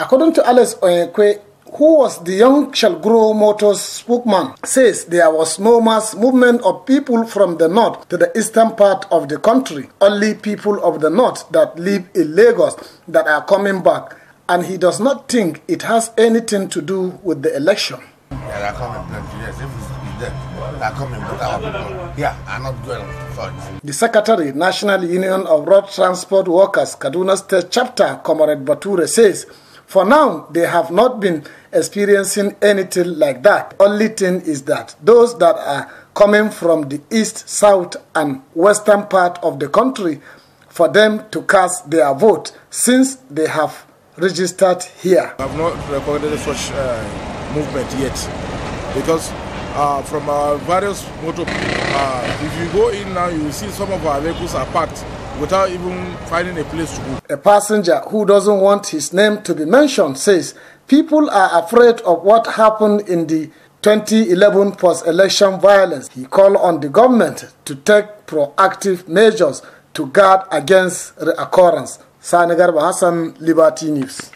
According to Alice Oyekwe, who was the Young Shall Grow Motors spokesman, says there was no mass movement of people from the north to the eastern part of the country. Only people of the north that live in Lagos that are coming back, and he does not think it has anything to do with the election. Yeah, they're coming, yes. If they're coming, our people not going for The Secretary, National Union of Road Transport Workers, Kaduna State Chapter, Comrade Bature, says for now, they have not been experiencing anything like that. Only thing is that those that are coming from the east, south, and western part of the country for them to cast their vote since they have registered here. I've not recorded such uh, movement yet because uh, from our various motor, uh, if you go in now, you will see some of our vehicles are parked without even finding a place to go. A passenger who doesn't want his name to be mentioned says people are afraid of what happened in the 2011 post-election violence. He called on the government to take proactive measures to guard against reoccurrence. Sanegar Hassan, Liberty News.